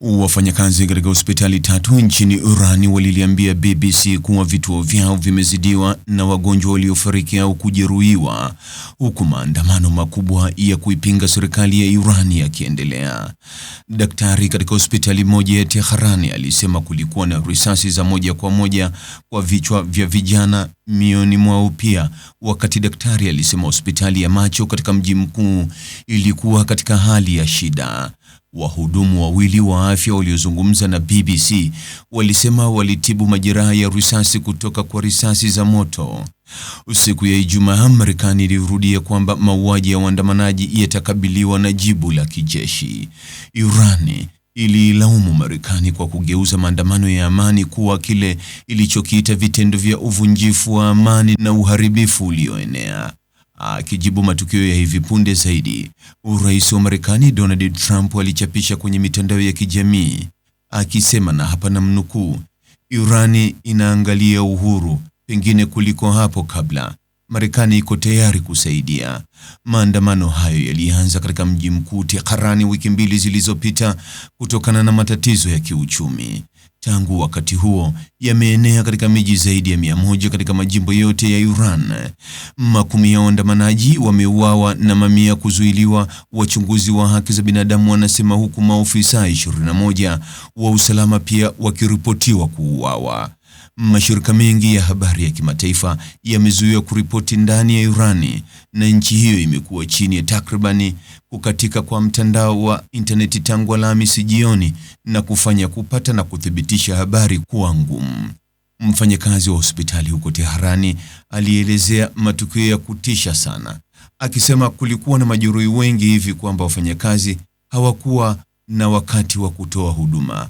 Wafanyakazi katika hospitali tatu nchini Iran waliliambia BBC kuwa vituo vyao vimezidiwa na wagonjwa waliofariki au kujeruhiwa, huku maandamano makubwa ya kuipinga serikali ya Iran yakiendelea. Daktari katika hospitali moja ya Tehran alisema kulikuwa na risasi za moja kwa moja kwa vichwa vya vijana mioni mwao pia, wakati daktari alisema hospitali ya macho katika mji mkuu ilikuwa katika hali ya shida. Wahudumu wawili wa afya waliozungumza na BBC walisema walitibu majeraha ya risasi kutoka kwa risasi za moto. Siku ya Ijumaa, Marekani ilirudia kwamba mauaji ya waandamanaji yatakabiliwa na jibu la kijeshi. Irani iliilaumu Marekani kwa kugeuza maandamano ya amani kuwa kile ilichokiita vitendo vya uvunjifu wa amani na uharibifu ulioenea. Akijibu matukio ya hivi punde zaidi, Rais wa Marekani Donald Trump alichapisha kwenye mitandao ya kijamii akisema, na hapa mnukuu Irani inaangalia uhuru pengine kuliko hapo kabla. Marekani iko tayari kusaidia. Maandamano hayo yalianza katika mji mkuu Tehran wiki mbili zilizopita kutokana na matatizo ya kiuchumi. Tangu wakati huo yameenea katika miji zaidi ya mia moja katika majimbo yote ya Iran. Makumi ya waandamanaji wameuawa na mamia kuzuiliwa, wachunguzi wa haki za binadamu wanasema, huku maofisa 21 wa usalama pia wakiripotiwa kuuawa. Mashirika mengi ya habari ya kimataifa yamezuiwa kuripoti ndani ya Irani na nchi hiyo imekuwa chini ya takribani kukatika kwa mtandao wa intaneti tangu Alhamisi jioni na kufanya kupata na kuthibitisha habari kuwa ngumu. Mfanyakazi wa hospitali huko Teherani alielezea matukio ya kutisha sana, akisema kulikuwa na majeruhi wengi hivi kwamba wafanyakazi hawakuwa na wakati wa kutoa huduma.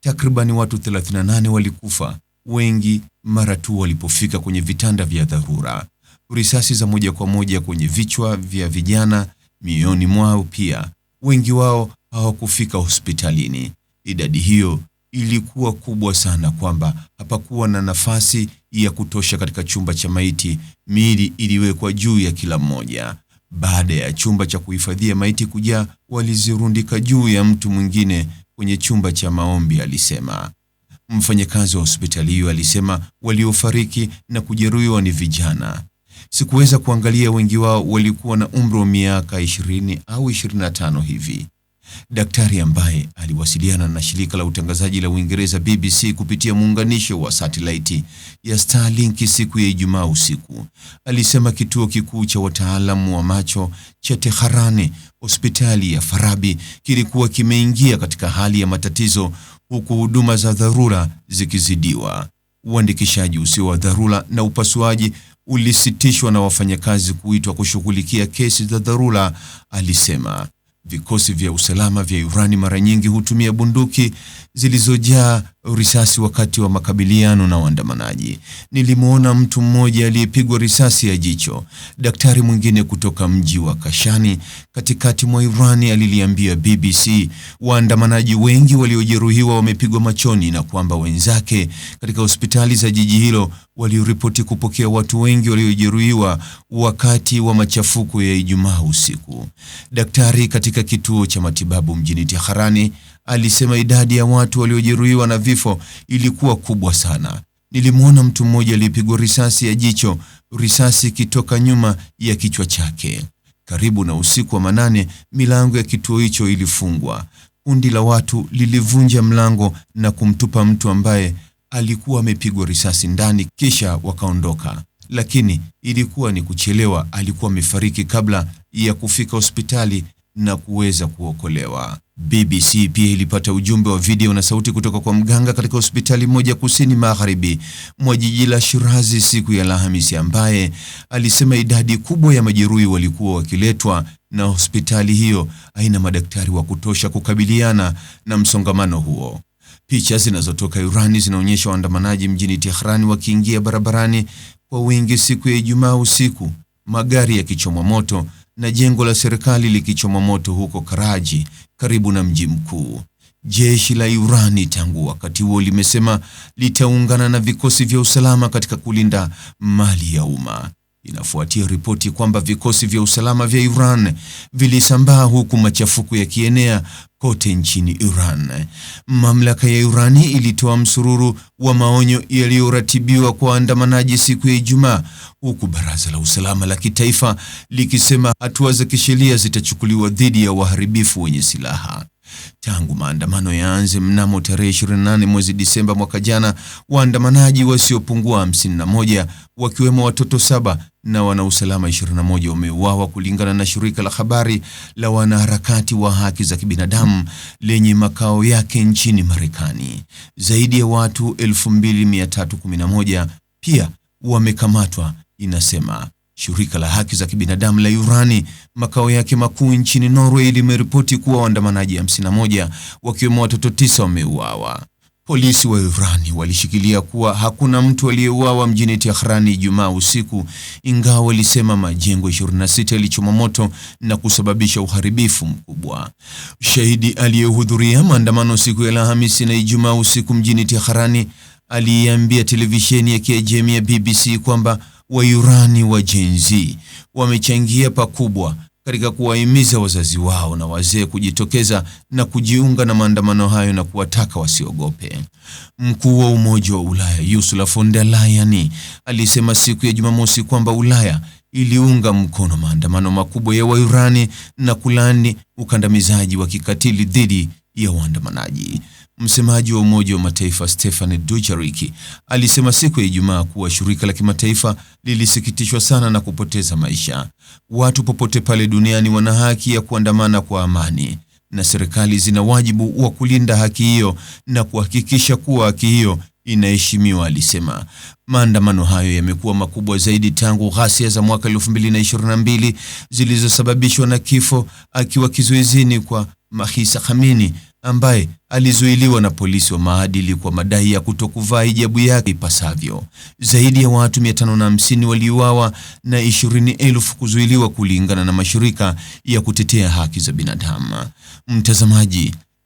Takribani watu 38 walikufa wengi mara tu walipofika kwenye vitanda vya dharura. Risasi za moja kwa moja kwenye vichwa vya vijana, mioyoni mwao pia. Wengi wao hawakufika hospitalini. Idadi hiyo ilikuwa kubwa sana kwamba hapakuwa na nafasi ya kutosha katika chumba cha maiti. Miili iliwekwa juu ya kila mmoja. Baada ya chumba cha kuhifadhia maiti kujaa, walizirundika juu ya mtu mwingine kwenye chumba cha maombi, alisema. Mfanyakazi wa hospitali hiyo alisema waliofariki na kujeruhiwa ni vijana. Sikuweza kuangalia, wengi wao walikuwa na umri wa miaka 20 au 25 hivi. Daktari ambaye aliwasiliana na shirika la utangazaji la Uingereza BBC kupitia muunganisho wa satelaiti ya Starlink siku ya Ijumaa usiku alisema kituo kikuu cha wataalamu wa macho cha Teherani, hospitali ya Farabi, kilikuwa kimeingia katika hali ya matatizo huku huduma za dharura zikizidiwa. Uandikishaji usio wa dharura na upasuaji ulisitishwa na wafanyakazi kuitwa kushughulikia kesi za dharura, alisema. Vikosi vya usalama vya Irani mara nyingi hutumia bunduki zilizojaa risasi wakati wa makabiliano na waandamanaji. Nilimwona mtu mmoja aliyepigwa risasi ya jicho. Daktari mwingine kutoka mji wa Kashani katikati mwa Irani aliliambia BBC waandamanaji wengi waliojeruhiwa wamepigwa machoni na kwamba wenzake katika hospitali za jiji hilo waliripoti kupokea watu wengi waliojeruhiwa wakati wa machafuko ya Ijumaa usiku. Daktari katika kituo cha matibabu mjini Tehran Alisema idadi ya watu waliojeruhiwa na vifo ilikuwa kubwa sana. Nilimwona mtu mmoja aliyepigwa risasi ya jicho, risasi ikitoka nyuma ya kichwa chake. Karibu na usiku wa manane, milango ya kituo hicho ilifungwa. Kundi la watu lilivunja mlango na kumtupa mtu ambaye alikuwa amepigwa risasi ndani, kisha wakaondoka, lakini ilikuwa ni kuchelewa. Alikuwa amefariki kabla ya kufika hospitali na kuweza kuokolewa. BBC pia ilipata ujumbe wa video na sauti kutoka kwa mganga katika hospitali moja kusini magharibi mwa jiji la Shirazi siku ya Alhamisi, ambaye alisema idadi kubwa ya majeruhi walikuwa wakiletwa na hospitali hiyo haina madaktari wa kutosha kukabiliana na msongamano huo. Picha zinazotoka Irani zinaonyesha waandamanaji mjini Tehran wakiingia barabarani kwa wingi siku ya Ijumaa usiku, magari yakichomwa moto na jengo la serikali likichoma moto huko karaji karibu na mji mkuu. Jeshi la Irani tangu wakati huo limesema litaungana na vikosi vya usalama katika kulinda mali ya umma. Inafuatia ripoti kwamba vikosi vya usalama vya Iran vilisambaa huku machafuko yakienea kote nchini Iran. Mamlaka ya Irani ilitoa msururu wa maonyo yaliyoratibiwa kwa waandamanaji siku ya Ijumaa, huku Baraza la Usalama la Kitaifa likisema hatua za kisheria zitachukuliwa dhidi ya waharibifu wenye silaha. Tangu maandamano yaanze mnamo tarehe 28 mwezi Disemba mwaka jana, waandamanaji wasiopungua 51 wakiwemo watoto saba na wanausalama 21 wameuawa kulingana na shirika la habari la wanaharakati wa haki za kibinadamu lenye makao yake nchini Marekani. Zaidi ya watu 2311 pia wamekamatwa, inasema Shirika la haki za kibinadamu la Urani makao yake makuu nchini Norway limeripoti kuwa waandamanaji 51 wakiwemo watoto tisa wameuawa. Polisi wa Irani walishikilia kuwa hakuna mtu aliyeuawa mjini Tehran Ijumaa usiku, ingawa walisema majengo 26 yalichoma moto na kusababisha uharibifu mkubwa. Shahidi aliyehudhuria maandamano siku ya Alhamisi na Ijumaa usiku mjini Tehran aliiambia televisheni ya Kiajemi ya BBC kwamba Wairani wa Gen Z wamechangia pakubwa katika kuwahimiza wazazi wao na wazee kujitokeza na kujiunga na maandamano hayo na kuwataka wasiogope. Mkuu wa Umoja wa Ulaya Ursula von der Leyen alisema siku ya Jumamosi kwamba Ulaya iliunga mkono maandamano makubwa ya Wairani na kulani ukandamizaji wa kikatili dhidi ya waandamanaji. Msemaji wa Umoja wa Mataifa Stephane Dujarric alisema siku ya Ijumaa kuwa shirika la kimataifa lilisikitishwa sana na kupoteza maisha. Watu popote pale duniani wana haki ya kuandamana kwa amani na serikali zina wajibu wa kulinda haki hiyo na kuhakikisha kuwa haki hiyo inaheshimiwa, alisema. Maandamano hayo yamekuwa makubwa zaidi tangu ghasia za mwaka 2022 zilizosababishwa na kifo akiwa kizuizini kwa mahisa khamini ambaye alizuiliwa na polisi wa maadili kwa madai ya kutokuvaa hijabu yake ipasavyo. Zaidi ya watu 550 waliuawa na 20,000 kuzuiliwa kulingana na mashirika ya kutetea haki za binadamu. Mtazamaji,